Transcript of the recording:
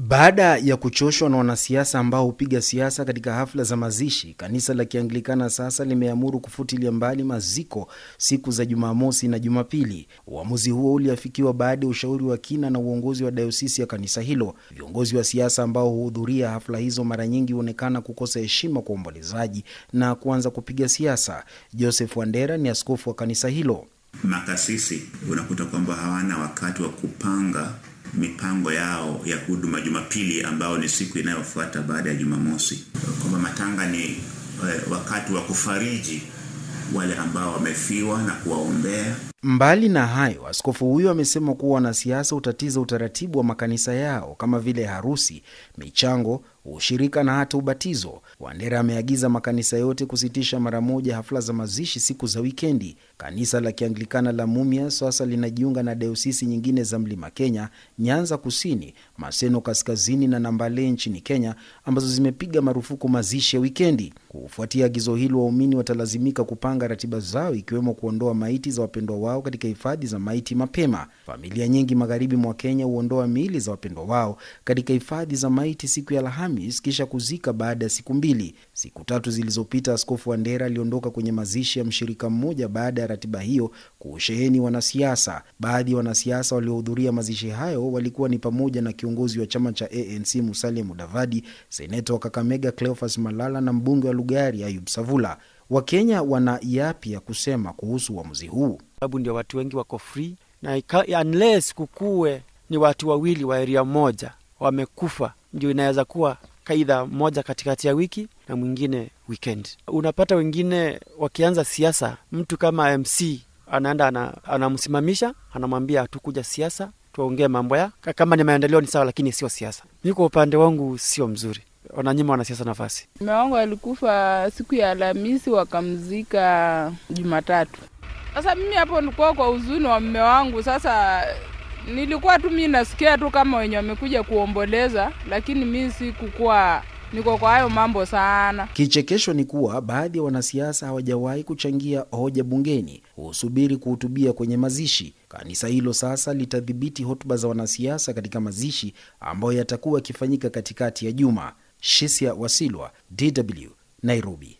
Baada ya kuchoshwa na wanasiasa ambao hupiga siasa katika hafla za mazishi, kanisa la Kianglikana sasa limeamuru kufutilia mbali maziko siku za Jumamosi na Jumapili. Uamuzi huo uliafikiwa baada ya ushauri wa kina na uongozi wa dayosisi ya kanisa hilo. Viongozi wa siasa ambao huhudhuria hafla hizo mara nyingi huonekana kukosa heshima kwa uombolezaji na kuanza kupiga siasa. Joseph Wandera ni askofu wa kanisa hilo. Makasisi unakuta kwamba hawana wakati wa kupanga mipango yao ya huduma Jumapili ambao ni siku inayofuata baada ya Jumamosi, kwamba matanga ni eh, wakati wa kufariji wale ambao wamefiwa na kuwaombea. Mbali na hayo, askofu huyo amesema kuwa wanasiasa utatiza utaratibu wa makanisa yao kama vile harusi, michango ushirika na hata ubatizo. Wandera ameagiza makanisa yote kusitisha mara moja hafla za mazishi siku za wikendi. Kanisa la Kianglikana la Mumia sasa linajiunga na dayosisi nyingine za Mlima Kenya, Nyanza Kusini, Maseno Kaskazini na Nambale nchini Kenya, ambazo zimepiga marufuku mazishi ya wikendi. Kufuatia agizo hilo, waumini watalazimika kupanga ratiba zao, ikiwemo kuondoa maiti za wapendwa wao katika hifadhi za maiti mapema. Familia nyingi magharibi mwa Kenya huondoa miili za wapendwa wao katika hifadhi za maiti siku ya Alhamisi Alhamis kisha kuzika baada ya siku mbili. Siku tatu zilizopita, Askofu Wandera aliondoka kwenye mazishi ya mshirika mmoja baada ya ratiba hiyo kuusheheni wanasiasa. Baadhi ya wanasiasa waliohudhuria mazishi hayo walikuwa ni pamoja na kiongozi wa chama cha ANC Musalia Mudavadi, seneta wa Kakamega Cleophas Malala na mbunge wa Lugari Ayub Savula. Wakenya wana yapi ya kusema kuhusu uamuzi huu? Sababu ndio watu wengi wako free na unless kukuwe ni watu wawili wa eria moja wamekufa ndio inaweza kuwa kaidha moja katikati ya wiki na mwingine weekend. Unapata wengine wakianza siasa, mtu kama MC anaenda anamsimamisha, anamwambia hatukuja siasa, tuongee mambo ya kama ni maendeleo ni sawa, lakini sio siasa. Mi kwa upande wangu sio mzuri, wananyima wanasiasa nafasi. mme wangu alikufa siku ya Alhamisi, wakamzika Jumatatu. Sasa mimi hapo nikuwa kwa huzuni wa mme wangu sasa Nilikuwa tu mi nasikia tu kama wenye wamekuja kuomboleza, lakini mi sikukuwa niko kwa hayo mambo sana. Kichekesho ni kuwa baadhi ya wanasiasa hawajawahi kuchangia hoja bungeni, husubiri kuhutubia kwenye mazishi. Kanisa hilo sasa litadhibiti hotuba za wanasiasa katika mazishi ambayo yatakuwa yakifanyika katikati ya juma. Shisia Wasilwa, DW, Nairobi.